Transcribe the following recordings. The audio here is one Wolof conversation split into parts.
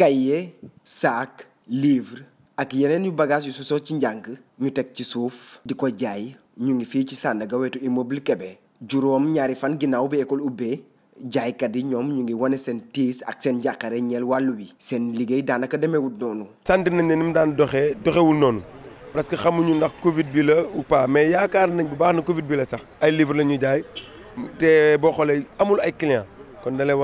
cahier saak livre ak yeneen yu bagage yu sosoo ci njàng ñu teg ci suuf di ko jaay ñu ngi fii ci Sandaga wetu immeuble kebe juróom ñaari fan ginnaaw bi école ubbee jaaykat yi ñoom ñu ngi wane seen tiis ak seen njàqare ñeel wàllu wi seen liggéey daanaka demeewul noonu sant nañ ne ni mu daan doxee doxewul noonu parce que xamuñu ndax covid bi la ou pas mais yaakaar nañ bu baax na covid bi la sax ay livre la ñuy jaay te boo xoolee amul ay client kon da lay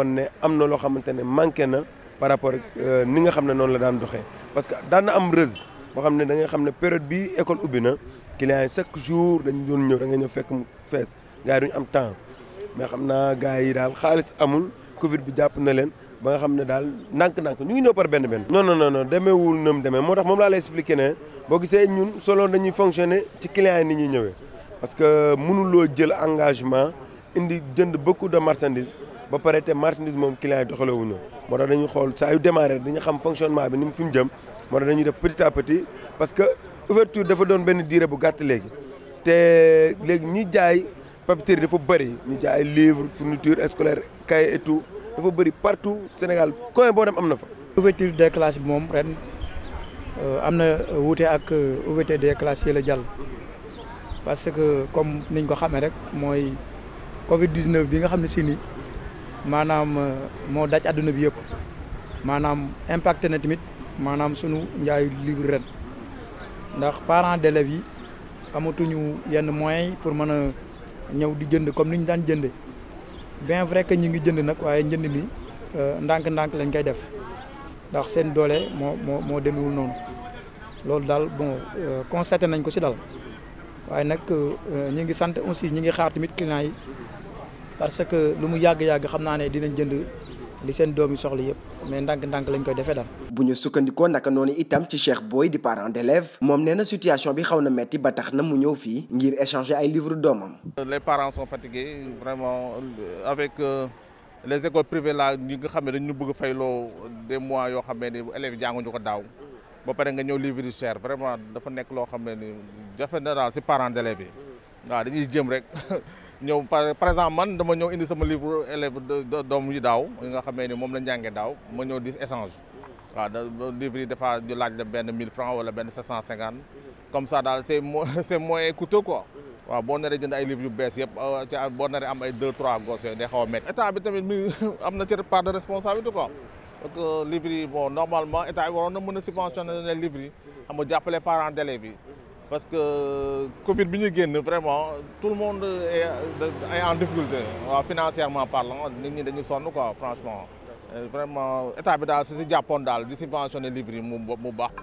am na loo xamante ne manqué na par rapport euh, ni nga xam ne noonu la daan doxee parce que daan na am rëz boo xam ne da xam ne période bi école ubbi na clients yi chaque jour dañu doon ñëw da nga ñëw fekk mu fees gars duñu am temps mais xam naa gars yi daal xaalis amul Covid bi jàpp na leen ba nga xam ne daal nank nank ñu ngi ñëw par benn benn. non non non non demeewul nam demee moo tax moom laa lay expliquer ne boo gisee ñun solo dañuy fonctionner ci clients ni ñuy ñëwee parce que mënuloo jël engagement indi jënd beaucoup de marchandises. ba pare te marchandise moom client yi doxalewuñu moo tax dañuy xool saa yu démarré dañu xam fonctionnement bi ni mu fi mu jëm moo tax dañuy def petit à petit parce que ouverture dafa doon benn durée bu gàtt léegi te léegi ñi jaay papeterie dafa bëri ñu jaay livre fourniture scolaire cahier et tout dafa bëri partout Sénégal coin boo dem am na fa. ouverture des bi moom ren euh, am na wuute ak euh, ouverture des la jàll parce que comme niñ ko xamee rek mooy Covid 19 bi nga xam ne si nii maanaam euh, moo daj àdduna bi yëpp maanaam impacté na tamit maanaam sunu njaayu livre ren ndax parent d'élèves yi amatuñu yenn moyens pour mën a ñëw di jënd comme ni daan jënde bien vrai que ñu ngi jënd nag waaye njënd mi euh, ndànk-ndànk lañ koy def ndax seen doole moo moo moo demewul noonu loolu daal bon euh, constaté nañ ko si daal waaye nag ñu ngi sant aussi ñu ngi xaar tamit clients yi parce que lu mu yàgg-yàgg xam naa ne dinañ jënd li seen doom yi soxla yëpp mais ndànk-ndànk lañ koy defee daal. bu ñu sukkandikoo naka noonu itam ci Cheikh Boy di parent d'élèves. moom nee na situation bi xaw na metti ba tax na mu ñëw fii ngir échanger ay livre doomam. les parents sont fatigués vraiment avec euh, les écoles privées là ñi nga xam ne dañu bëgg fayloo des mois yoo xam ne élèves jànguñu ko daaw ba pare nga ñëw livre cher vraiment dafa nekk loo xam ne jafe na daal si parent d'élèves yi waaw dañuy ñëw par exemple man dama ñëw indi sama livre élève doom yi daaw yi nga xamee ni moom la njànge daaw ma ñëw di échange waaw da livre yi laaj la benn 1000 francs wala benn 750 comme ça daal c'est c'est moyen coûteux quoi waaw boo naree jënd ay livres yu bees yëpp euh, boo naree am ay 2 3 gos yooyu day xaw a métti bi tamit mi am na ci part de responsabilité quoi donc euh, livres yi bon normalement état bi waroon na mën a subventionner livres parce que Covid bi ñu génn vraiment tout le monde est est en difficulté financièrement parlant nit ñi dañu sonn quoi franchement euh, vraiment état bi daal su si jàppoon daal di subventionné livre yi mu mu baax